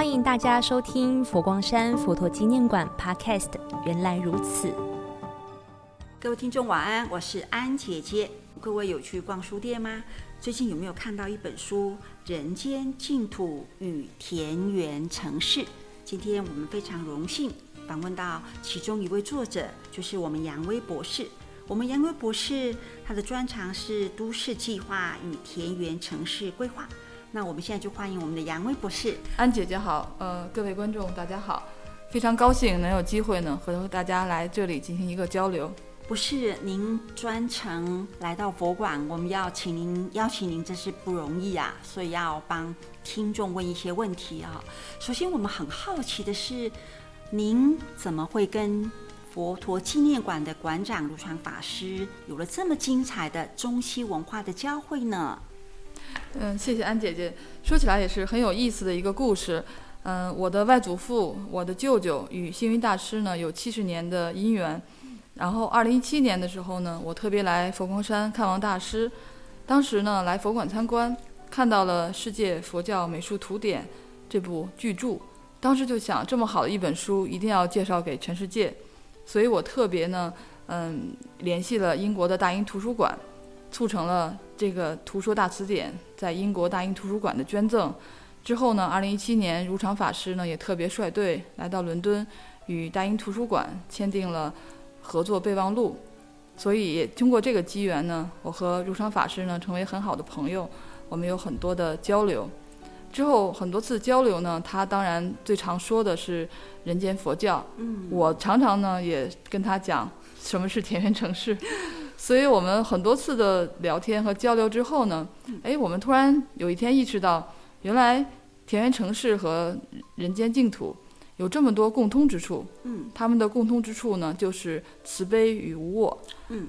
歡迎大家收聽佛光山佛陀紀念館 Podcast《原來如此》。各位聽眾晚安，我是安姐姐。各位有去逛書店嗎？最近有沒有看到一本書《人間淨土與田園城市》？今天我們非常榮幸訪問到其中一位作者，就是我們楊威博士。我們楊威博士，他的專長是都市計劃與田園城市規劃。那我們現在就歡迎我們的楊威博士，安姐姐好，呃，各位觀眾大家好，非常高興能有機會呢和大家來這裡進行一個交流。不是您專程來到佛館，我們要請您邀請您，真是不容易啊，所以要幫聽眾問一些問題啊。首先，我們很好奇的是，您怎麼會跟佛陀紀念館的館長如常法師有了這麼精彩的中西文化的交匯呢？嗯，謝謝安姐姐。說起來也是很有意思的一個故事。嗯，我的外祖父，我的舅舅與星雲大師呢有七十年的因緣。然後，二零一七年的時候呢，我特別來佛光山看望大師。當時呢來佛館參觀，看到了《世界佛教美術圖典》這部巨著，當時就想這麼好的一本書，一定要介紹給全世界。所以我特別呢，嗯，聯繫了英國的大英圖書館。促成了這個《圖說大辭典》在英國大英圖書館的捐贈，之後呢，2017年如常法師呢也特別率隊來到倫敦，與大英圖書館簽訂了合作備忘錄。所以通過這個機緣呢，我和如常法師呢成為很好的朋友，我們有很多的交流。之後很多次交流呢，他當然最常說的是人間佛教，我常常呢也跟他講什麼是田園城市。所以我們很多次的聊天和交流之後呢，嗯、誒，我們突然有一天意識到，原來田園城市和人間淨土有這麼多共通之處。嗯，他們的共通之處呢，就是慈悲與無我。嗯，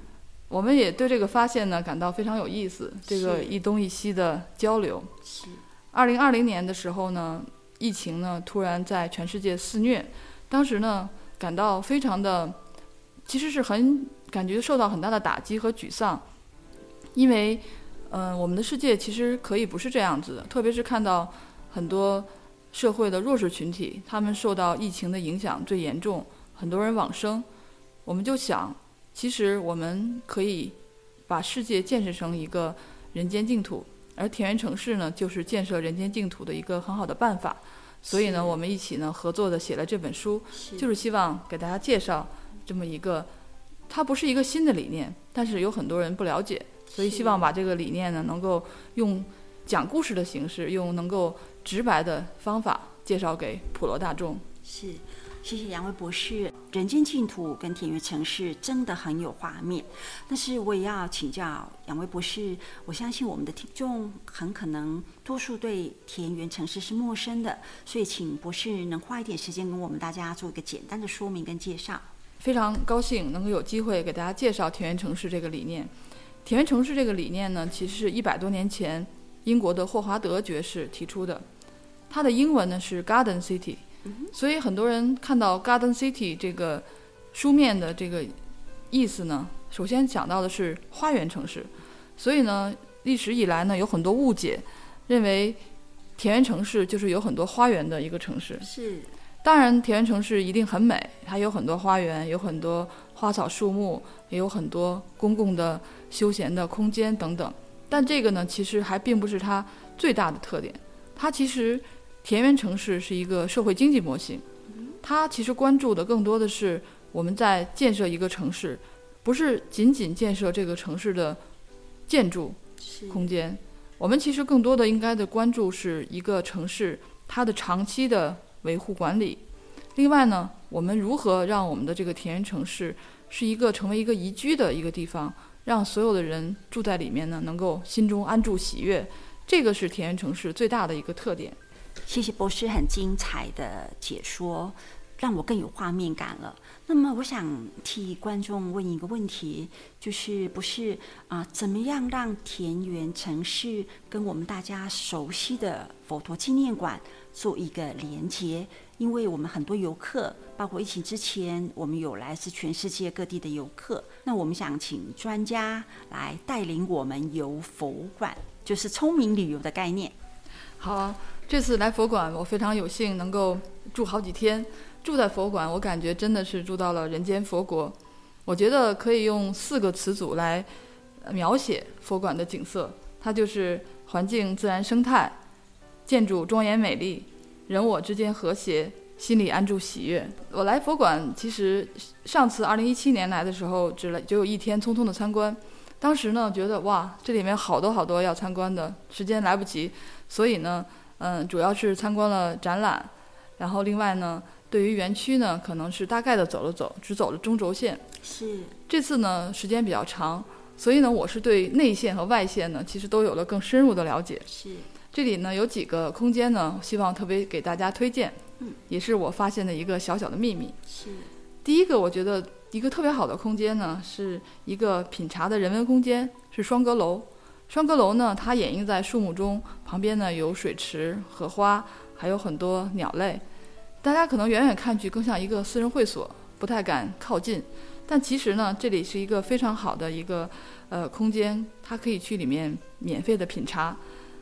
我們也對這個發現呢感到非常有意思。這個一東一西的交流。是。二零二零年的時候呢，疫情呢突然在全世界肆虐，當時呢感到非常的，其實是很。感覺受到很大的打擊和沮喪，因為，嗯、呃，我們的世界其實可以不是這樣子的。特別是看到很多社會的弱勢群體，他們受到疫情的影響最嚴重，很多人往生。我們就想，其實我們可以把世界建設成一個人間淨土，而田園城市呢，就是建設人間淨土的一個很好的辦法。所以呢，我們一起呢合作的寫了這本書，就是希望給大家介紹這麼一個。它不是一個新的理念，但是有很多人不了解，所以希望把這個理念呢，能夠用講故事的形式，用能夠直白的方法介紹給普羅大眾。是，謝謝楊威博士。人間淨土跟田園城市真的很有畫面，但是我也要請教楊威博士，我相信我們的聽眾很可能多數對田園城市是陌生的，所以請博士能花一點時間跟我們大家做一個簡單的說明跟介紹。非常高興能夠有機會給大家介紹田園城市這個理念。田園城市這個理念呢，其實是一百多年前英國的霍華德爵士提出的。它的英文呢是 Garden City，所以很多人看到 Garden City 這個書面的這個意思呢，首先想到的是花園城市。所以呢，歷史以來呢有很多誤解，認為田園城市就是有很多花園的一個城市。是。當然，田園城市一定很美，它有很多花園，有很多花草樹木，也有很多公共的休閒的空間等等。但這個呢，其實還並不是它最大的特點。它其實，田園城市是一個社會經濟模型，它其實關注的更多的是我們在建設一個城市，不是僅僅建設這個城市的建築空間。我們其實更多的應該的關注是一個城市它的長期的。維護管理，另外呢，我們如何讓我們的這個田園城市是一個成為一個宜居的一個地方，讓所有的人住在裡面呢？能夠心中安住喜悅，這個是田園城市最大的一個特點。謝謝博士很精彩的解說，讓我更有畫面感了。那麼，我想替觀眾問一個問題，就是不是啊？怎麼樣讓田園城市跟我們大家熟悉的佛陀紀念館做一個連接？因為我們很多遊客，包括疫情之前，我們有來自全世界各地的遊客。那我們想請專家來帶領我們遊佛館，就是聰明旅遊的概念。好啊。這次來佛館，我非常有幸能夠住好幾天。住在佛館，我感覺真的是住到了人間佛國。我覺得可以用四個詞組來描寫佛館的景色：它就是環境自然生態，建築莊嚴美麗，人我之間和諧，心裡安住喜悅。我來佛館，其實上次二零一七年來的時候，只來只有一天匆匆的參觀。當時呢，覺得哇，這裡面好多好多要參觀的，時間來不及，所以呢。嗯，主要是參觀了展覽，然後另外呢，對於園區呢，可能是大概的走了走，只走了中軸線。是。這次呢時間比較長，所以呢我是對內線和外線呢其實都有了更深入的了解。是。這裡呢有幾個空間呢，希望特別給大家推薦。嗯。也是我發現的一個小小的秘密。是。第一個我覺得一個特別好的空間呢，是一個品茶的人文空間，是雙閣樓。雙閣樓呢，它掩映在樹木中，旁邊呢有水池、荷花，還有很多鳥類。大家可能遠遠看去更像一個私人會所，不太敢靠近。但其實呢，這裡是一個非常好的一個呃空間，它可以去裡面免費的品茶。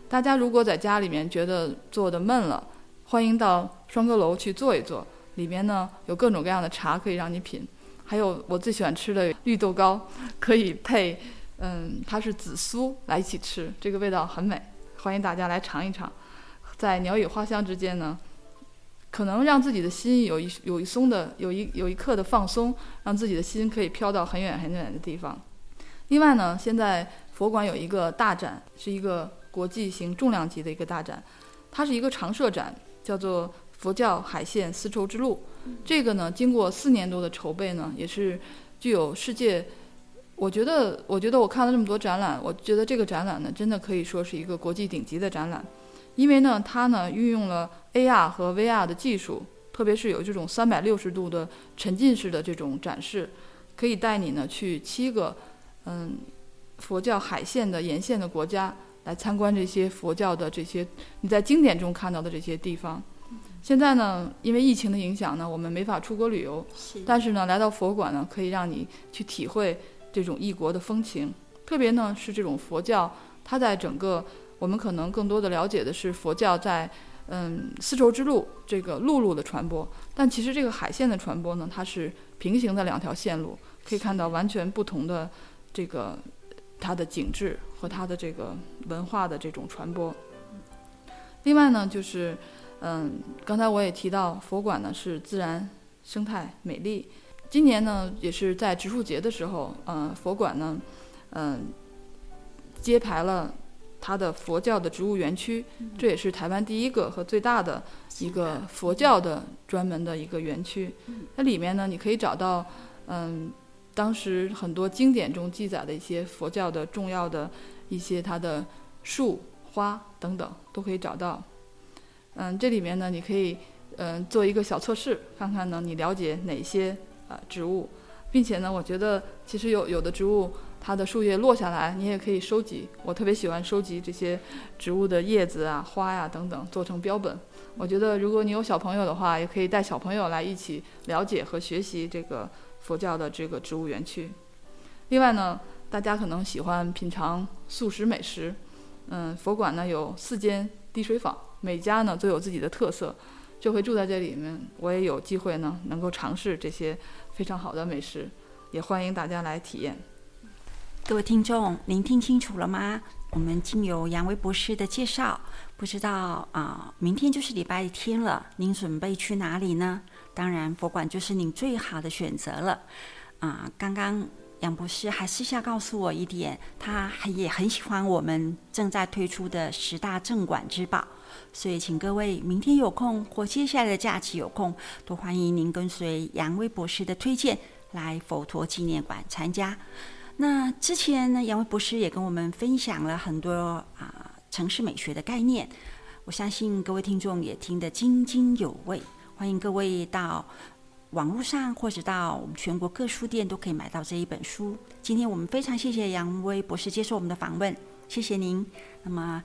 大家如果在家裡面覺得坐得悶了，歡迎到雙閣樓去坐一坐。裡面呢有各種各樣的茶可以讓你品，還有我最喜歡吃的綠豆糕，可以配。嗯，它是紫蘇來一起吃，這個味道很美，歡迎大家來嘗一嘗。在鳥語花香之間呢，可能讓自己的心有一有一鬆的，有一有一刻的放鬆，讓自己的心可以飄到很遠很遠的地方。另外呢，現在佛館有一個大展，是一個國際型重量級的一個大展，它是一個常設展，叫做“佛教海線絲綢之路”。這個呢，經過四年多的籌備呢，也是具有世界。我覺得，我覺得我看了這麼多展覽，我覺得這個展覽呢，真的可以說是一個國際頂級的展覽，因為呢，它呢運用了 AR 和 VR 的技術，特別是有這種三百六十度的沉浸式的這種展示，可以帶你呢去七個嗯佛教海線的沿線的國家來參觀這些佛教的這些你在經典中看到的這些地方。現在呢，因為疫情的影響呢，我們沒法出國旅遊，是。但是呢，來到佛館呢，可以讓你去體會。這種異國的風情，特別呢是這種佛教，它在整個我們可能更多的了解的是佛教在嗯絲綢之路這個陸路的傳播，但其實這個海線的傳播呢，它是平行的兩條線路，可以看到完全不同的這個它的景緻和它的這個文化的這種傳播。另外呢就是嗯剛才我也提到佛館呢是自然生態美麗。今年呢，也是在植樹節的時候，嗯，佛館呢，嗯，揭牌了它的佛教的植物園區，嗯，這也是台灣第一個和最大的一個佛教的專門的一個園區。嗯，它裡面呢，你可以找到嗯，當時很多經典中記載的一些佛教的重要的一些它的樹花等等都可以找到。嗯，這裡面呢，你可以嗯，呃，做一個小測試，看看呢，你了解哪些。啊，植物，並且呢，我覺得其實有有的植物，它的樹葉落下來，你也可以收集。我特別喜歡收集這些植物的葉子啊、花呀、啊、等等，做成標本。我覺得如果你有小朋友的話，也可以帶小朋友來一起了解和學習這個佛教的這個植物園區。另外呢，大家可能喜歡品嘗素食美食。嗯，佛館呢，有四間滴水坊，每家呢都有自己的特色。就會住在這裡面，我也有機會呢，能夠嘗試這些非常好的美食，也歡迎大家來體驗。各位聽眾，您聽清楚了嗎？我們經由楊威博士的介紹，不知道啊、呃，明天就是禮拜天了，您準備去哪裡呢？當然，佛館就是您最好的選擇了。啊、呃，剛剛。楊博士還私下告訴我一點，他也很喜歡我們正在推出的十大鎮館之寶，所以請各位明天有空或接下來的假期有空，都歡迎您跟隨楊威博士的推薦來佛陀紀念館參加。那之前呢，楊威博士也跟我們分享了很多啊、呃、城市美學的概念，我相信各位聽眾也聽得津津有味，歡迎各位到。網絡上或者到我們全國各書店都可以買到這一本書。今天我們非常謝謝楊威博士接受我們的訪問，謝謝您。那麼，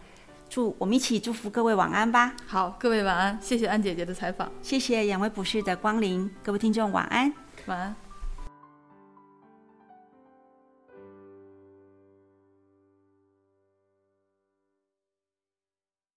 祝我們一起祝福各位晚安吧。好，各位晚安，謝謝安姐姐的採訪，謝謝楊威博士的光臨，各位聽眾晚安，晚安。